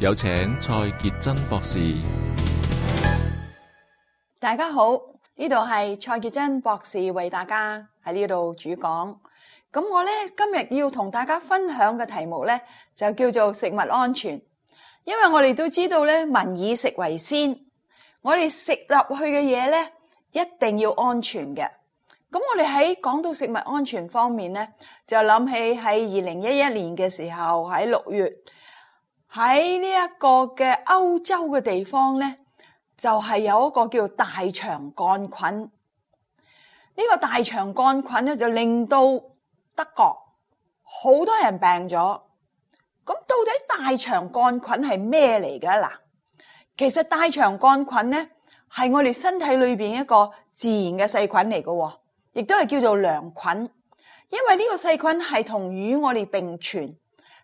有請蔡潔貞博士。大家好，呢度係蔡潔貞博士為大家喺呢度主講。咁我呢今日要同大家分享嘅題目呢，就叫做食物安全。因為我哋都知道呢，民以食為先，我哋食入去嘅嘢呢一定要安全嘅。咁我哋喺講到食物安全方面呢，就諗起喺二零一一年嘅時候喺六月。喺呢一個嘅歐洲嘅地方咧，就係有一個叫大腸桿菌。呢個大腸桿菌咧就令到德國好多人病咗。咁到底大腸桿菌係咩嚟嘅？嗱，其實大腸桿菌咧係我哋身體裏邊一個自然嘅細菌嚟嘅，亦都係叫做良菌，因為呢個細菌係同與我哋並存。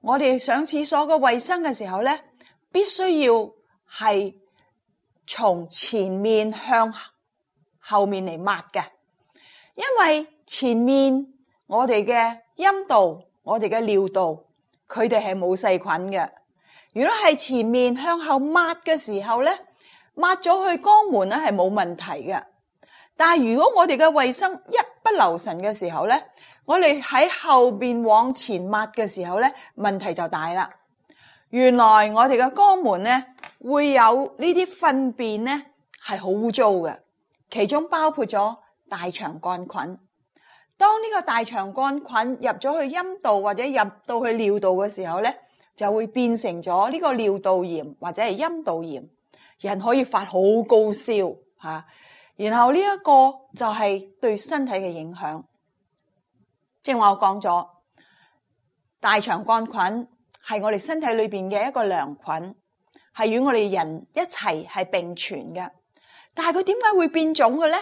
我哋上廁所嘅衛生嘅時候咧，必須要係從前面向後面嚟抹嘅，因為前面我哋嘅陰道、我哋嘅尿道，佢哋係冇細菌嘅。如果係前面向後抹嘅時候咧，抹咗去肛門咧係冇問題嘅。但係如果我哋嘅衛生一不留神嘅時候咧，我哋喺後邊往前抹嘅時候咧，問題就大啦。原來我哋嘅肛門咧會有分辨呢啲糞便咧係好污糟嘅，其中包括咗大腸桿菌。當呢個大腸桿菌入咗去陰道或者入到去尿道嘅時候咧，就會變成咗呢個尿道炎或者係陰道炎，人可以發好高燒吓，啊。然後呢一個就係對身體嘅影響。即係我講咗，大腸桿菌係我哋身體裏邊嘅一個良菌，係與我哋人一齊係並存嘅。但係佢點解會變種嘅咧？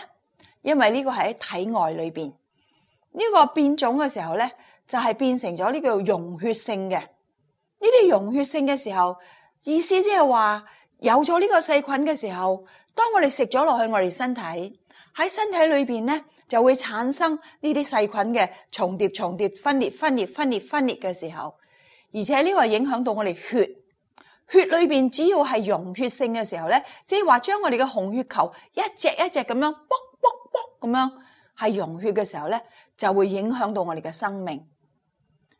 因為呢個係喺體外裏邊，呢個變種嘅時候咧，就係變成咗呢個溶血性嘅。呢啲溶血性嘅時候，意思即係話有咗呢個細菌嘅時候，當我哋食咗落去我哋身體喺身體裏邊咧。就會產生呢啲細菌嘅重疊重疊分裂分裂分裂分裂嘅時候，而且呢個係影響到我哋血血裏邊，只要係溶血性嘅時候咧，即係話將我哋嘅紅血球一隻一隻咁樣卜卜卜咁樣係溶血嘅時候咧，就會影響到我哋嘅生命。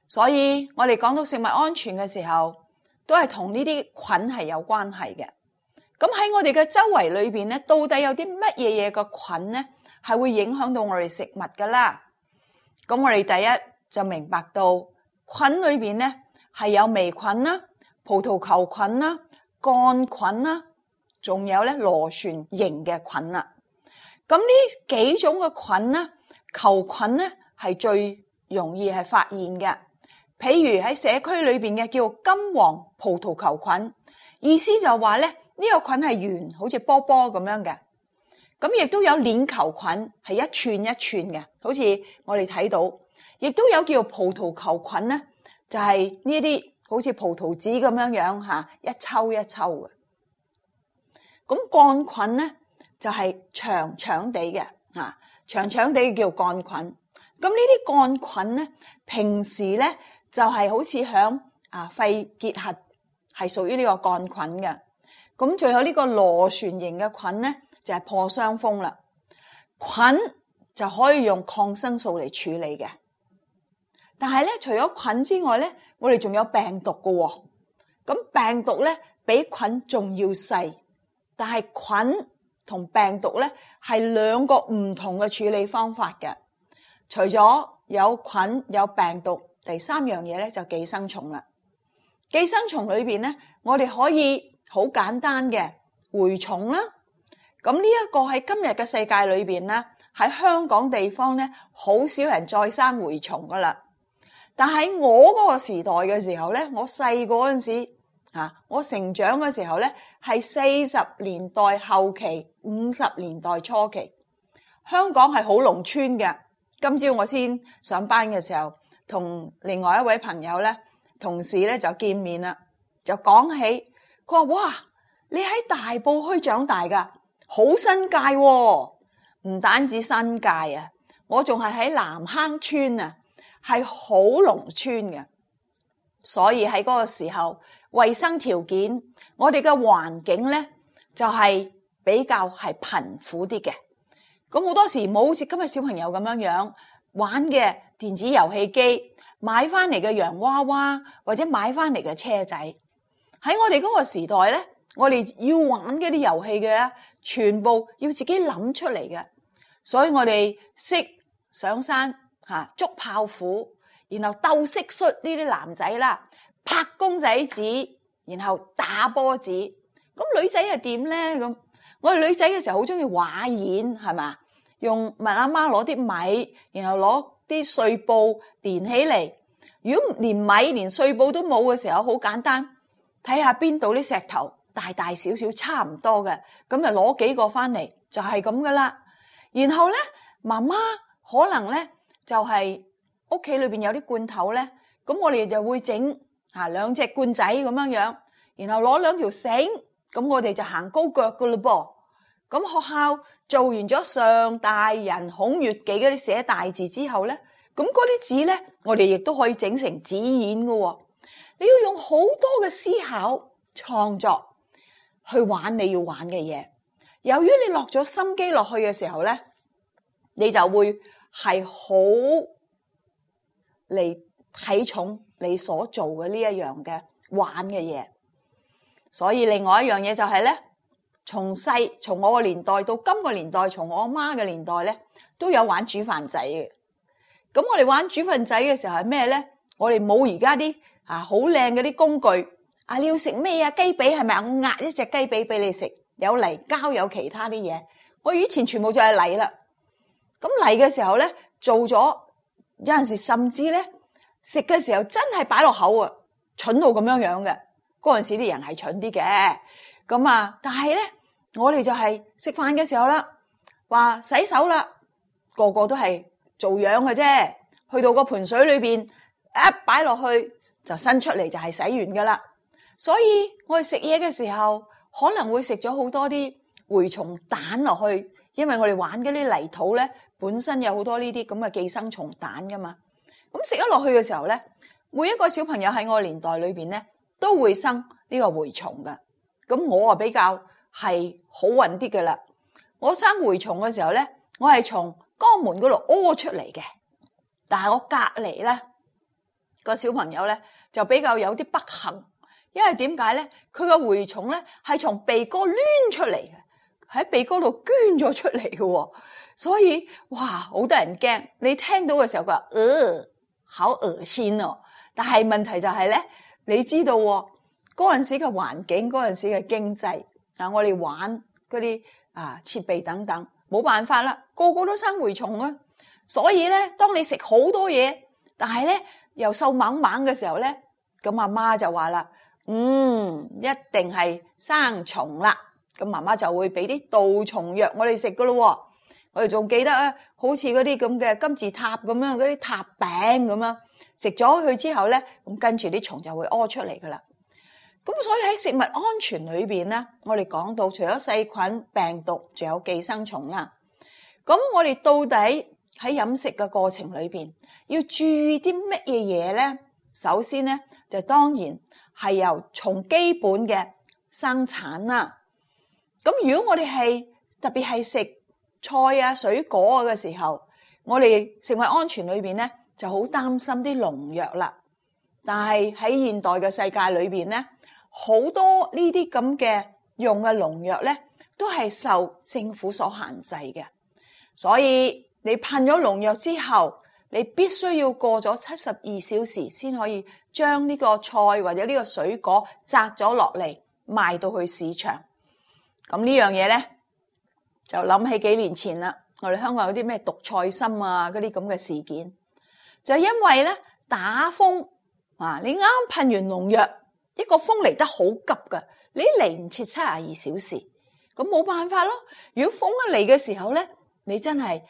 所以我哋講到食物安全嘅時候，都係同呢啲菌係有關係嘅。咁喺我哋嘅周圍裏邊咧，到底有啲乜嘢嘢個菌呢？係會影響到我哋食物噶啦，咁我哋第一就明白到菌裏面咧係有微菌啦、葡萄球菌啦、桿菌啦，仲有咧螺旋形嘅菌啦。咁呢幾種嘅菌啦，球菌咧係最容易係發現嘅，譬如喺社區裏面嘅叫金黃葡萄球菌，意思就話咧呢個菌係圓，好似波波咁樣嘅。咁亦都有鏈球菌係一串一串嘅，好似我哋睇到，亦都有叫葡萄球菌咧，就係呢啲好似葡萄籽咁樣樣吓，一抽一抽嘅。咁桿菌咧就係、是、長長地嘅，吓長長地叫桿菌。咁呢啲桿菌咧，平時咧就係、是、好似響啊肺結核係屬於呢個桿菌嘅。咁最後呢個螺旋形嘅菌咧。就係破傷風啦，菌就可以用抗生素嚟處理嘅。但係咧，除咗菌之外咧，我哋仲有病毒噶。咁病毒咧比菌仲要細，但係菌同病毒咧係兩個唔同嘅處理方法嘅。除咗有菌有病毒，第三樣嘢咧就寄生蟲啦。寄生蟲裏面咧，我哋可以好簡單嘅蛔蟲啦。咁呢一個喺今日嘅世界裏邊咧，喺香港地方咧，好少人再生蛔蟲噶啦。但喺我嗰個時代嘅時候咧，我細個嗰陣時啊，我成長嘅時候咧，係四十年代後期、五十年代初期，香港係好農村嘅。今朝我先上班嘅時候，同另外一位朋友咧，同事咧就見面啦，就講起佢話：哇，你喺大埔墟長大噶。好新界喎，唔單止新界啊，我仲係喺南坑村啊，係好農村嘅，所以喺嗰個時候，衛生條件，我哋嘅環境呢，就係比較係貧苦啲嘅。咁好多時冇好似今日小朋友咁樣樣玩嘅電子遊戲機，買翻嚟嘅洋娃娃，或者買翻嚟嘅車仔，喺我哋嗰個時代呢。我哋要玩嗰啲遊戲嘅咧，全部要自己諗出嚟嘅，所以我哋識上山吓捉炮虎，然後鬥蟋蟀呢啲男仔啦，拍公仔紙，然後打波子。咁女仔係點咧？咁我哋女仔嘅時候好中意畫演，係嘛？用問阿媽攞啲米，然後攞啲碎布連起嚟。如果連米連碎布都冇嘅時候，好簡單，睇下邊度啲石頭。大大小小差唔多嘅，咁就攞幾個翻嚟，就係咁噶啦。然後咧，媽媽可能咧就係屋企裏邊有啲罐頭咧，咁我哋就會整吓兩隻罐仔咁樣樣，然後攞兩條繩，咁我哋就行高腳噶咯噃。咁學校做完咗上大人孔乙己嗰啲寫大字之後咧，咁嗰啲紙咧，我哋亦都可以整成紙演噶。你要用好多嘅思考創作。去玩你要玩嘅嘢，由於你落咗心機落去嘅時候咧，你就會係好嚟睇重你所做嘅呢一樣嘅玩嘅嘢。所以另外一樣嘢就係咧，從細從我個年代到今個年代，從我阿媽嘅年代咧，都有玩煮飯仔嘅。咁我哋玩煮飯仔嘅時候係咩咧？我哋冇而家啲啊好靚嗰啲工具。啊！你要食咩啊？雞髀係咪？我壓一隻雞髀俾你食，有泥膠有其他啲嘢，我以前全部就係泥啦。咁泥嘅時候咧，做咗有陣時甚至咧食嘅時候真係擺落口啊！蠢到咁樣樣嘅。嗰陣時啲人係蠢啲嘅。咁啊，但係咧我哋就係食飯嘅時候啦，話洗手啦，個個都係做樣嘅啫。去到個盆水裏邊一擺落去就伸出嚟，就係洗完噶啦。所以我哋食嘢嘅時候，可能會食咗好多啲蛔蟲蛋落去，因為我哋玩嗰啲泥土咧，本身有好多呢啲咁嘅寄生蟲蛋噶嘛。咁食咗落去嘅時候咧，每一個小朋友喺我年代裏邊咧，都會生呢個蛔蟲噶。咁我啊比較係好運啲噶啦，我生蛔蟲嘅時候咧，我係從肛門嗰度屙出嚟嘅，但係我隔籬咧個小朋友咧就比較有啲不幸。因為點解咧？佢個蛔蟲咧係從鼻哥攣出嚟嘅，喺鼻哥度捐咗出嚟嘅，所以哇，好多人驚。你聽到嘅時候佢話，呃，好惡先咯。但係問題就係、是、咧，你知道嗰陣時嘅環境、嗰陣時嘅經濟，我哋玩嗰啲啊設備等等，冇辦法啦，個個都生蛔蟲啊。所以咧，當你食好多嘢，但係咧又瘦猛猛嘅時候咧，咁阿媽，媽就話啦。嗯，一定係生蟲啦。咁媽媽就會俾啲杜蟲藥我哋食噶咯。我哋仲記得啊，好似嗰啲咁嘅金字塔咁樣，嗰啲塔餅咁樣，食咗佢之後咧，咁跟住啲蟲就會屙出嚟噶啦。咁所以喺食物安全裏邊咧，我哋講到除咗細菌、病毒，仲有寄生蟲啦。咁我哋到底喺飲食嘅過程裏邊要注意啲乜嘢嘢咧？首先咧，就當然。係由從基本嘅生產啦，咁如果我哋係特別係食菜啊、水果啊嘅時候，我哋食物安全裏邊咧就好擔心啲農藥啦。但係喺現代嘅世界裏邊咧，好多呢啲咁嘅用嘅農藥咧，都係受政府所限制嘅，所以你噴咗農藥之後，你必須要過咗七十二小時先可以將呢個菜或者呢個水果摘咗落嚟賣到去市場。咁呢樣嘢咧，就諗起幾年前啦，我哋香港有啲咩毒菜心啊，嗰啲咁嘅事件，就因為咧打風啊，你啱噴完農藥，一個風嚟得好急噶，你嚟唔切七十二小時，咁冇辦法咯。如果風一嚟嘅時候咧，你真係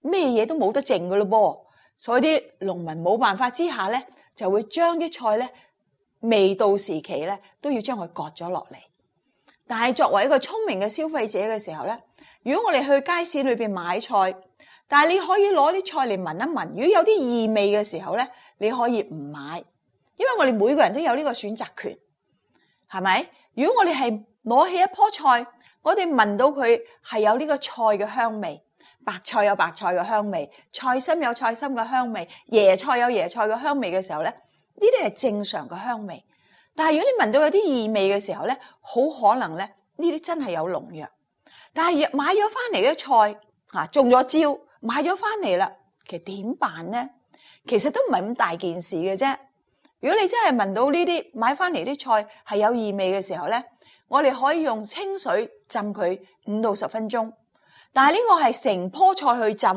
咩嘢都冇得剩噶啦噃。所以啲農民冇辦法之下咧，就會將啲菜咧未到時期咧都要將佢割咗落嚟。但係作為一個聰明嘅消費者嘅時候咧，如果我哋去街市裏面買菜，但係你可以攞啲菜嚟聞一聞，如果有啲異味嘅時候咧，你可以唔買，因為我哋每個人都有呢個選擇權，係咪？如果我哋係攞起一樖菜，我哋聞到佢係有呢個菜嘅香味。白菜有白菜嘅香味，菜心有菜心嘅香味，椰菜有椰菜嘅香味嘅時候咧，呢啲係正常嘅香味。但係如果你聞到有啲異味嘅時候咧，好可能咧呢啲真係有農藥。但係買咗翻嚟啲菜啊，中咗招，買咗翻嚟啦，其實點辦呢？其實都唔係咁大件事嘅啫。如果你真係聞到呢啲買翻嚟啲菜係有異味嘅時候咧，我哋可以用清水浸佢五到十分鐘。但係呢個係成棵菜去浸，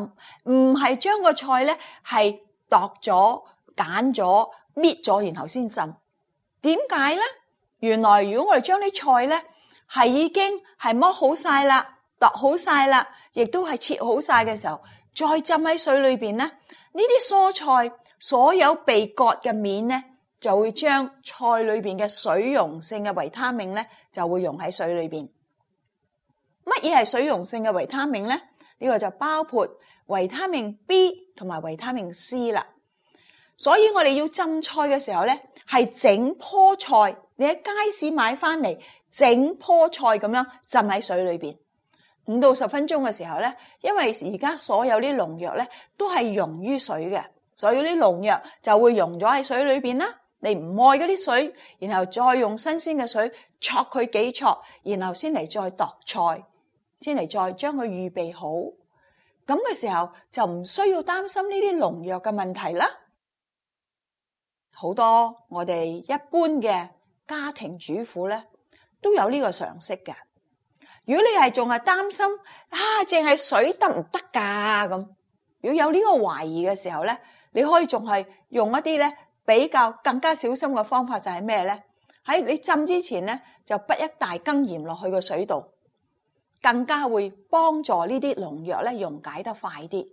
唔係將個菜咧係剁咗、揀咗、搣咗，然後先浸。點解咧？原來如果我哋將啲菜咧係已經係剝好晒啦、剁好晒啦，亦都係切好晒嘅時候，再浸喺水裏邊咧，呢啲蔬菜所有被割嘅面咧，就會將菜裏邊嘅水溶性嘅維他命咧，就會溶喺水裏邊。乜嘢係水溶性嘅維他命呢？呢、呢個就包括維他命 B 同埋維他命 C 啦。所以我哋要浸菜嘅時候呢，係整棵菜。你喺街市買翻嚟，整棵菜咁樣浸喺水裏邊五到十分鐘嘅時候呢，因為而家所有啲農藥呢都係溶於水嘅，所以啲農藥就會溶咗喺水裏邊啦。你唔愛嗰啲水，然後再用新鮮嘅水焯佢幾焯，然後先嚟再度菜。先嚟再將佢預備好，咁嘅時候就唔需要擔心呢啲農藥嘅問題啦。好多我哋一般嘅家庭主婦咧都有呢個常識嘅。如果你係仲係擔心啊，淨係水得唔得噶咁？如果有呢個懷疑嘅時候咧，你可以仲係用一啲咧比較更加小心嘅方法，就係咩咧？喺你浸之前咧，就滗一大羹鹽落去個水度。更加會幫助呢啲農藥咧溶解得快啲。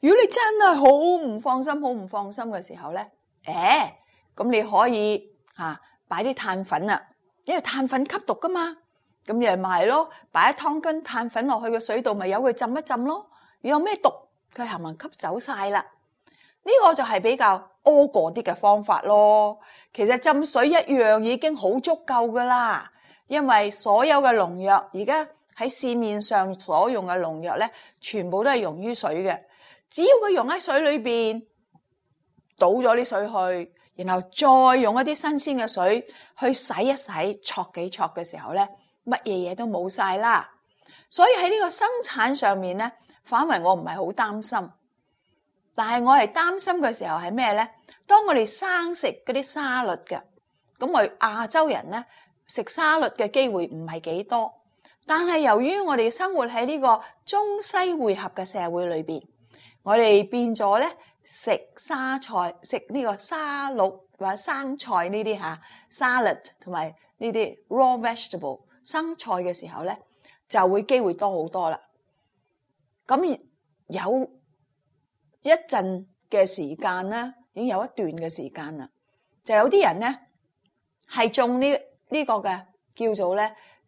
如果你真係好唔放心、好唔放心嘅時候咧，誒，咁你可以吓擺啲碳粉啊，因為碳粉吸毒噶嘛，咁咪係咯，擺一湯羹碳粉落去個水度，咪由佢浸一浸咯。有咩毒，佢係咪吸走晒啦。呢個就係比較苛過啲嘅方法咯。其實浸水一樣已經好足夠噶啦，因為所有嘅農藥而家。喺市面上所用嘅農藥咧，全部都係溶於水嘅。只要佢溶喺水裏邊，倒咗啲水去，然後再用一啲新鮮嘅水去洗一洗、搓幾搓嘅時候咧，乜嘢嘢都冇晒啦。所以喺呢個生產上面咧，反為我唔係好擔心。但係我係擔心嘅時候係咩咧？當我哋生食嗰啲沙律嘅咁，噉我哋亞洲人咧，食沙律嘅機會唔係幾多。但係由於我哋生活喺呢個中西匯合嘅社會裏邊，我哋變咗咧食沙菜、食呢個沙律或者生菜呢啲嚇 salad 同埋呢啲 raw vegetable 生菜嘅時候咧，就會機會多好多啦。咁有一陣嘅時間咧，已經有一段嘅時間啦，就有啲人咧係種呢呢個嘅叫做咧。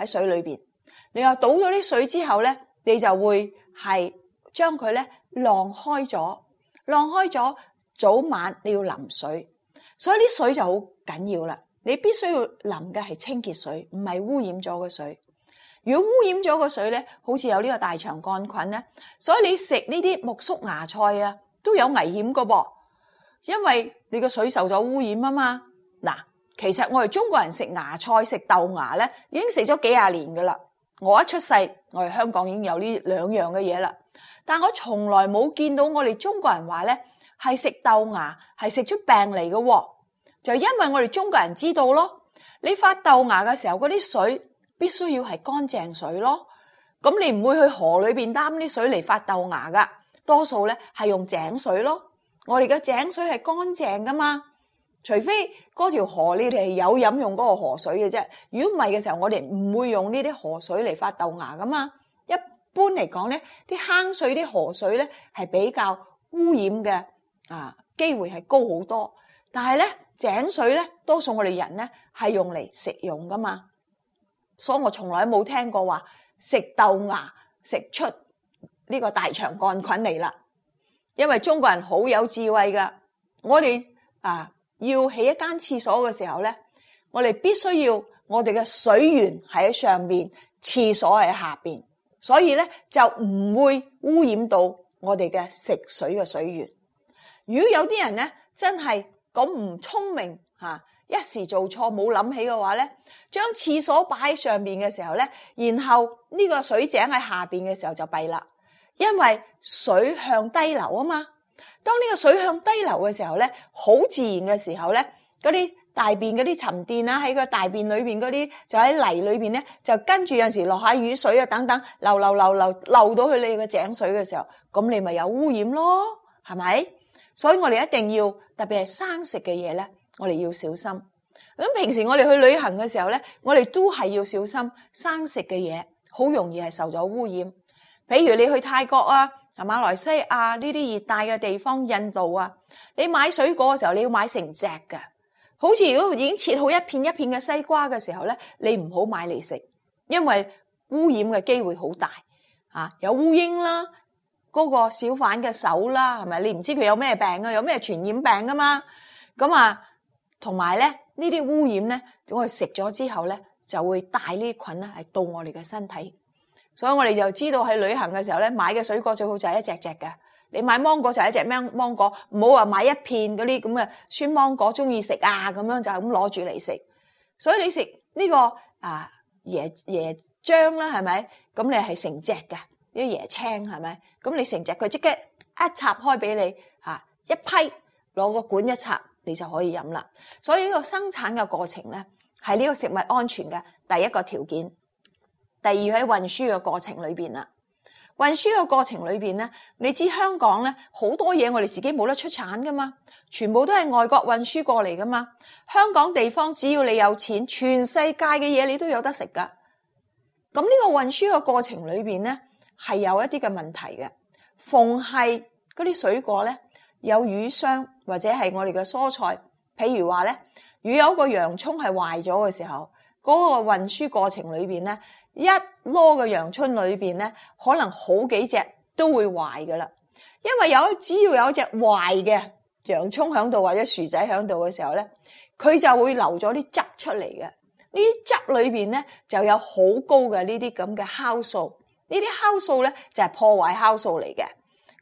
喺水裏邊，你又倒咗啲水之後咧，你就會係將佢咧晾開咗，晾開咗早晚你要淋水，所以啲水就好緊要啦。你必須要淋嘅係清潔水，唔係污染咗嘅水。如果污染咗個水咧，好似有呢個大腸桿菌咧，所以你食呢啲苜蓿芽菜啊都有危險嘅噃，因為你個水受咗污染啊嘛嗱。其實我哋中國人食芽菜食豆芽咧，已經食咗幾廿年噶啦。我一出世，我哋香港已經有呢兩樣嘅嘢啦。但我從來冇見到我哋中國人話咧係食豆芽係食出病嚟嘅，就因為我哋中國人知道咯。你發豆芽嘅時候，嗰啲水必須要係乾淨水咯。咁你唔會去河裏邊擔啲水嚟發豆芽噶，多數咧係用井水咯。我哋嘅井水係乾淨噶嘛。除非嗰條河，你哋係有飲用嗰個河水嘅啫。如果唔係嘅時候，我哋唔會用呢啲河水嚟發豆芽噶嘛。一般嚟講咧，啲坑水、啲河水咧係比較污染嘅，啊機會係高好多。但係咧井水咧，多數我哋人咧係用嚟食用噶嘛，所以我從來冇聽過話食豆芽食出呢個大腸桿菌嚟啦。因為中國人好有智慧噶，我哋啊～要起一間廁所嘅時候咧，我哋必須要我哋嘅水源喺上邊，廁所喺下邊，所以咧就唔會污染到我哋嘅食水嘅水源。如果有啲人咧真係咁唔聰明吓，一時做錯冇諗起嘅話咧，將廁所擺喺上邊嘅時候咧，然後呢個水井喺下邊嘅時候就弊啦，因為水向低流啊嘛。當呢個水向低流嘅時候咧，好自然嘅時候咧，嗰啲大便嗰啲沉澱啊，喺個大便裏邊嗰啲，就喺泥裏邊咧，就跟住有陣時落下雨水啊等等，流流流流流到去你個井水嘅時候，咁你咪有污染咯，係咪？所以我哋一定要，特別係生食嘅嘢咧，我哋要小心。咁平時我哋去旅行嘅時候咧，我哋都係要小心生食嘅嘢，好容易係受咗污染。比如你去泰國啊。啊，馬來西亞呢啲熱帶嘅地方，印度啊，你買水果嘅時候，你要買成隻㗎。好似如果已經切好一片一片嘅西瓜嘅時候咧，你唔好買嚟食，因為污染嘅機會好大啊！有烏蠅啦，嗰個小販嘅手啦，係咪？你唔知佢有咩病啊，有咩傳染病㗎嘛？咁啊，同埋咧，呢啲污染咧，我哋食咗之後咧，就會帶呢啲菌咧，係到我哋嘅身體。所以我哋就知道喺旅行嘅時候咧，買嘅水果最好就係一隻隻嘅。你買芒果就係一隻芒果，唔好話買一片嗰啲咁嘅酸芒果，中意食啊咁樣就係咁攞住嚟食。所以你食呢個啊椰椰漿啦，係咪？咁你係成隻嘅，啲椰青係咪？咁你成隻佢即刻一插開俾你一批，攞個管一插，你就可以飲啦。所以呢個生產嘅過程咧，係呢個食物安全嘅第一個條件。第二，喺運輸嘅過程裏邊啦，運輸嘅過程裏邊咧，你知香港咧好多嘢我哋自己冇得出產噶嘛，全部都係外國運輸過嚟噶嘛。香港地方只要你有錢，全世界嘅嘢你都有得食噶。咁呢個運輸嘅過程裏邊咧，係有一啲嘅問題嘅。逢係嗰啲水果咧有魚傷，或者係我哋嘅蔬菜，譬如話咧，魚有個洋蔥係壞咗嘅時候，嗰、嗰個運輸過程裏邊咧。一籮嘅洋葱裏邊咧，可能好幾隻都會壞噶啦。因為有只要有隻壞嘅洋葱響度或者薯仔響度嘅時候咧，佢就會流咗啲汁出嚟嘅。呢啲汁裏邊咧就有好高嘅呢啲咁嘅酵素，呢啲酵素咧就係破壞酵素嚟嘅。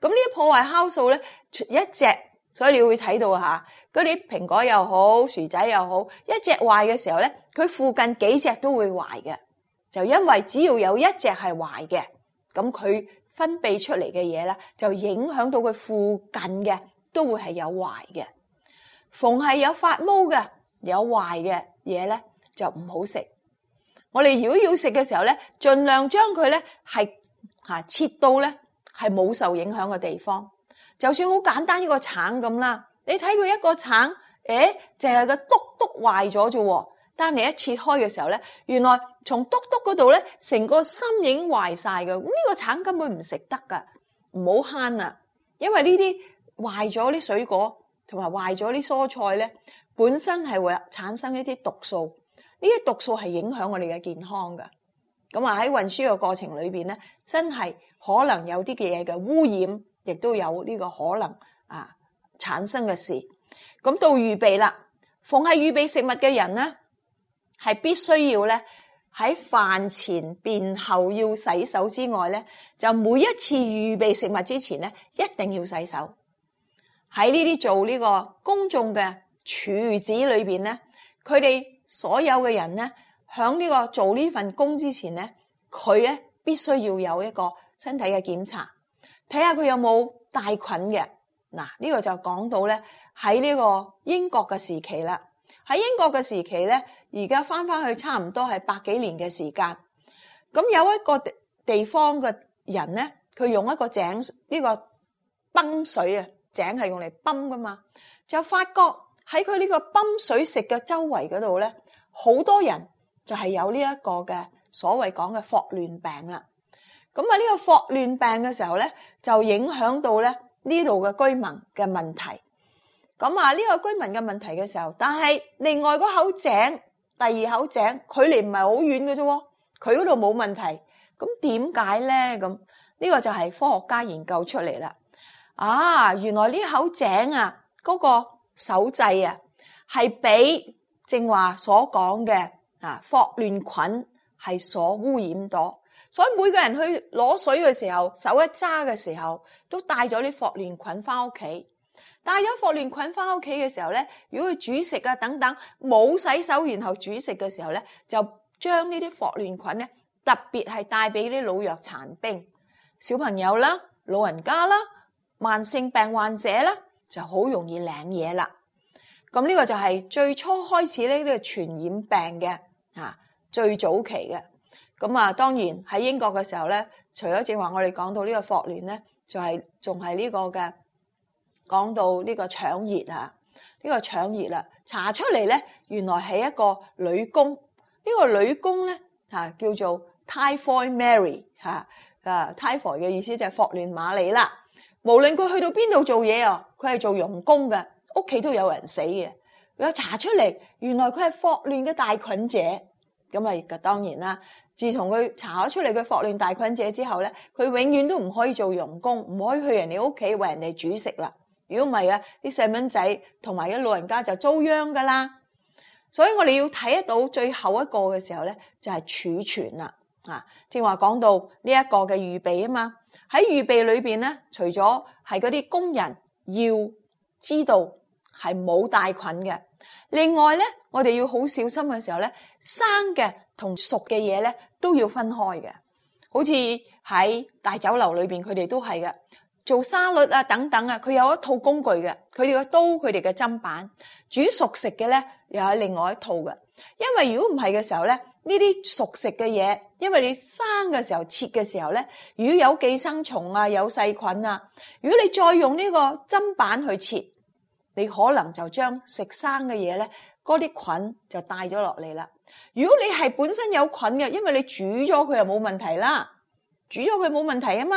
咁呢啲破壞酵素咧，一隻所以你會睇到吓嗰啲蘋果又好，薯仔又好，一隻壞嘅時候咧，佢附近幾隻都會壞嘅。就因為只要有一隻係壞嘅，咁佢分泌出嚟嘅嘢咧，就影響到佢附近嘅都會係有壞嘅。逢係有發毛嘅、有壞嘅嘢咧，就唔好食。我哋如果要食嘅時候咧，盡量將佢咧係吓切到咧係冇受影響嘅地方。就算好簡單一個橙咁啦，你睇佢一個橙，誒、哎，淨係個篤篤壞咗啫喎。當你一切開嘅時候咧，原來從篤篤嗰度咧，成個心已經壞晒嘅。咁呢個橙根本唔食得噶，唔好慳啊！因為呢啲壞咗啲水果同埋壞咗啲蔬菜咧，本身係會產生一啲毒素，呢啲毒素係影響我哋嘅健康嘅。咁啊喺運輸嘅過程裏邊咧，真係可能有啲嘅嘢嘅污染，亦都有呢個可能啊產生嘅事。咁到預備啦，凡係預備食物嘅人咧。係必須要咧喺飯前便後要洗手之外咧，就每一次預備食物之前咧，一定要洗手。喺呢啲做呢個公眾嘅廚子裏邊咧，佢哋所有嘅人咧，響呢個做呢份工之前咧，佢咧必須要有一個身體嘅檢查，睇下佢有冇帶菌嘅嗱？呢個就講到咧喺呢個英國嘅時期啦，喺英國嘅時期咧。而家翻翻去，差唔多係百幾年嘅時間。咁有一個地地方嘅人咧，佢用一個井呢個泵水啊，井係用嚟泵噶嘛，就發覺喺佢呢個泵水食嘅周圍嗰度咧，好多人就係有呢一個嘅所謂講嘅霍亂病啦。咁啊，呢個霍亂病嘅時候咧，就影響到咧呢度嘅居民嘅問題。咁啊，呢個居民嘅問題嘅時候，但係另外嗰口井。第二口井，距離唔係好遠嘅啫喎，佢嗰度冇問題，咁點解咧？咁呢個就係科學家研究出嚟啦。啊，原來呢口井啊，嗰個手掣啊，係俾正話所講嘅啊霍亂菌係所污染到，所以每個人去攞水嘅時候，手一揸嘅時候，都帶咗啲霍亂菌翻屋企。帶咗霍亂菌翻屋企嘅時候咧，如果佢煮食啊等等冇洗手，然後煮食嘅時候咧，就將呢啲霍亂菌咧，特別係帶俾啲老弱殘兵、小朋友啦、老人家啦、慢性病患者啦，就好容易領嘢啦。咁、這、呢個就係最初開始呢個傳染病嘅最早期嘅。咁啊，當然喺英國嘅時候咧，除咗正話我哋講到呢個霍亂咧，就係仲係呢個嘅。講到呢個腸熱啊，呢、這個腸熱啦，查出嚟咧，原來係一個女工。呢、這個女工咧叫做 Typhoid Mary 啊 Typhoid 嘅意思就係霍亂馬里啦。無論佢去到邊度做嘢哦，佢係做傭工嘅，屋企都有人死嘅。又查出嚟，原來佢係霍亂嘅大菌者。咁啊，當然啦。自從佢查咗出嚟佢霍亂大菌者之後咧，佢永遠都唔可以做傭工，唔可以去人哋屋企為人哋煮食啦。如果唔係啊，啲細蚊仔同埋啲老人家就遭殃噶啦，所以我哋要睇得到最後一個嘅時候咧，就係儲存啦啊！正話講到呢一個嘅預備啊嘛，喺預備裏邊咧，除咗係嗰啲工人要知道係冇帶菌嘅，另外咧，我哋要好小心嘅時候咧，生嘅同熟嘅嘢咧都要分開嘅，好似喺大酒樓裏邊佢哋都係嘅。做沙律啊，等等啊，佢有一套工具嘅，佢哋嘅刀，佢哋嘅砧板，煮熟食嘅咧，又係另外一套嘅。因為如果唔係嘅時候咧，呢啲熟食嘅嘢，因為你生嘅時候切嘅時候咧，如果有寄生蟲啊，有細菌啊，如果你再用呢個砧板去切，你可能就將食生嘅嘢咧，嗰啲菌就帶咗落嚟啦。如果你係本身有菌嘅，因為你煮咗佢又冇問題啦，煮咗佢冇問題啊嘛。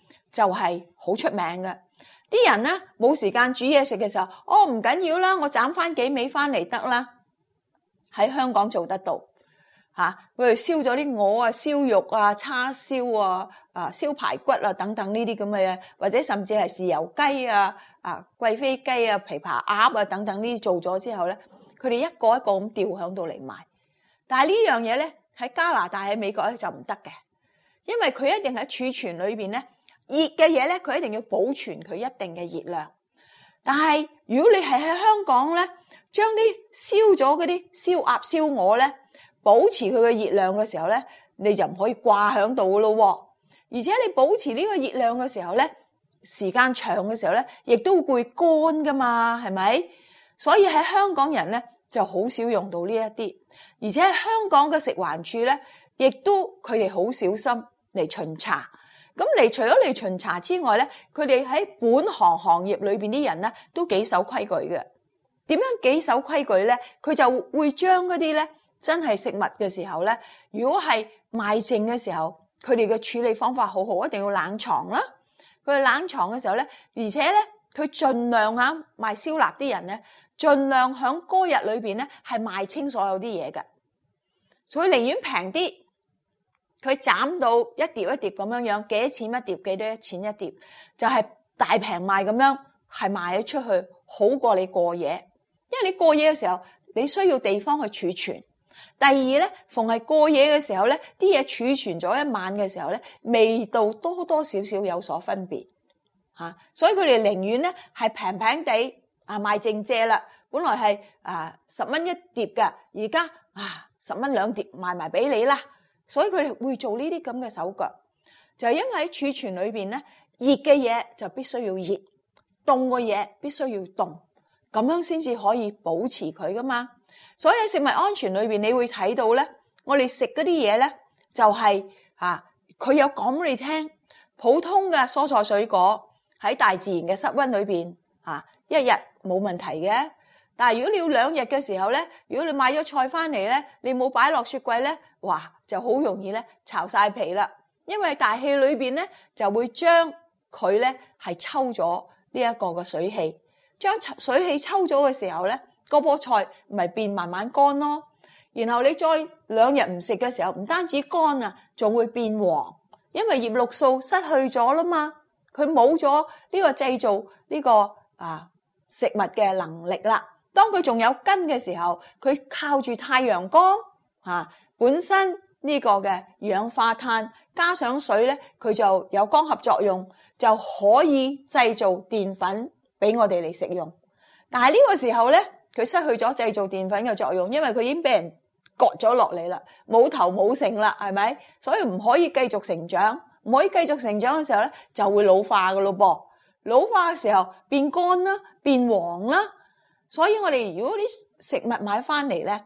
就係好出名嘅，啲人咧冇時間煮嘢食嘅時候，哦唔緊要啦，我斬翻幾味翻嚟得啦。喺香港做得到，吓佢哋燒咗啲鵝啊、燒肉啊、叉燒啊、啊燒排骨啊等等呢啲咁嘅嘢，或者甚至係豉油雞啊、啊貴妃雞啊、琵琶鴨啊等等呢啲做咗之後咧，佢哋一個一個咁吊響度嚟賣。但係呢樣嘢咧，喺加拿大、喺美國咧就唔得嘅，因為佢一定喺儲存裏邊咧。熱嘅嘢咧，佢一定要保存佢一定嘅熱量。但係如果你係喺香港咧，將啲燒咗嗰啲燒鴨、燒鵝咧，保持佢嘅熱量嘅時候咧，你就唔可以掛響度嘅咯。而且你保持呢個熱量嘅時候咧，時間長嘅時候咧，亦都會乾噶嘛，係咪？所以喺香港人咧就好少用到呢一啲，而且喺香港嘅食環署咧，亦都佢哋好小心嚟巡查。咁嚟除咗嚟巡查之外咧，佢哋喺本行行業裏邊啲人咧都幾守規矩嘅。點樣幾守規矩咧？佢就會將嗰啲咧真係食物嘅時候咧，如果係賣剩嘅時候，佢哋嘅處理方法好好，一定要冷藏啦。佢哋冷藏嘅時候咧，而且咧佢盡量啊賣燒臘啲人咧，盡量喺嗰日裏邊咧係賣清所有啲嘢嘅，所以寧願平啲。佢斬到一碟一碟咁樣樣，幾多錢一碟？幾多錢一碟？就係大平賣咁樣，係賣咗出去好過你過夜，因為你過夜嘅時候你需要地方去儲存。第二咧，逢係過夜嘅時候咧，啲嘢儲存咗一晚嘅時候咧，味道多多少少有所分別嚇，所以佢哋寧願咧係平平地啊賣正借啦。本來係啊十蚊一碟㗎，而家啊十蚊兩碟賣埋俾你啦。所以佢哋會做呢啲咁嘅手腳，就係因為喺儲存裏面咧，熱嘅嘢就必須要熱，凍嘅嘢必須要凍，咁樣先至可以保持佢噶嘛。所以喺食物安全裏面，你會睇到咧，我哋食嗰啲嘢咧，就係啊佢有講俾你聽，普通嘅蔬菜水果喺大自然嘅室温裏面、啊、一日冇問題嘅。但係如果你要兩日嘅時候咧，如果你買咗菜翻嚟咧，你冇擺落雪櫃咧。哇，就好容易咧，炒晒皮啦！因為大氣裏邊咧，就會將佢咧係抽咗呢一個嘅水氣，將水氣抽咗嘅時候咧，個菠菜咪變慢慢乾咯。然後你再兩日唔食嘅時候，唔單止乾啊，仲會變黃，因為葉綠素失去咗啦嘛，佢冇咗呢個製造呢、這個啊食物嘅能力啦。當佢仲有根嘅時候，佢靠住太陽光、吓本身呢個二氧化碳加上水咧，佢就有光合作用，就可以製造澱粉俾我哋嚟食用。但係呢個時候咧，佢失去咗製造澱粉嘅作用，因為佢已經俾人割咗落嚟啦，冇頭冇成啦，係咪？所以唔可以繼續成長，唔可以繼續成長嘅時候咧，就會老化㗎咯噃。老化嘅時候變乾啦，變黃啦。所以我哋如果啲食物買翻嚟咧，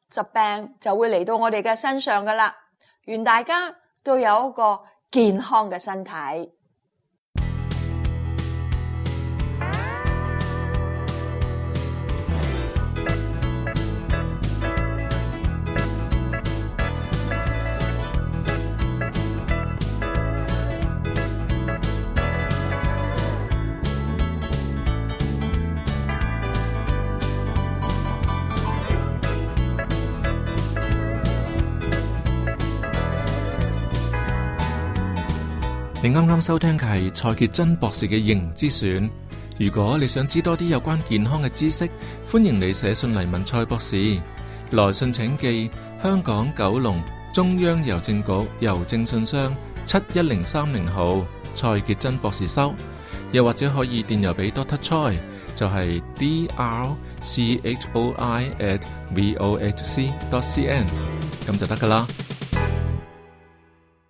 疾病就會嚟到我哋嘅身上㗎喇，願大家都有一個健康嘅身體。你啱啱收聽嘅係蔡潔珍博士嘅《營之選》。如果你想知多啲有關健康嘅知識，歡迎你寫信嚟問蔡博士。來信請寄香港九龍中央郵政局郵政信箱七一零三零號蔡潔珍博士收。又或者可以電郵俾 Dr. Choi，就係 d r c h o i at v o h c dot c n，咁就得噶啦。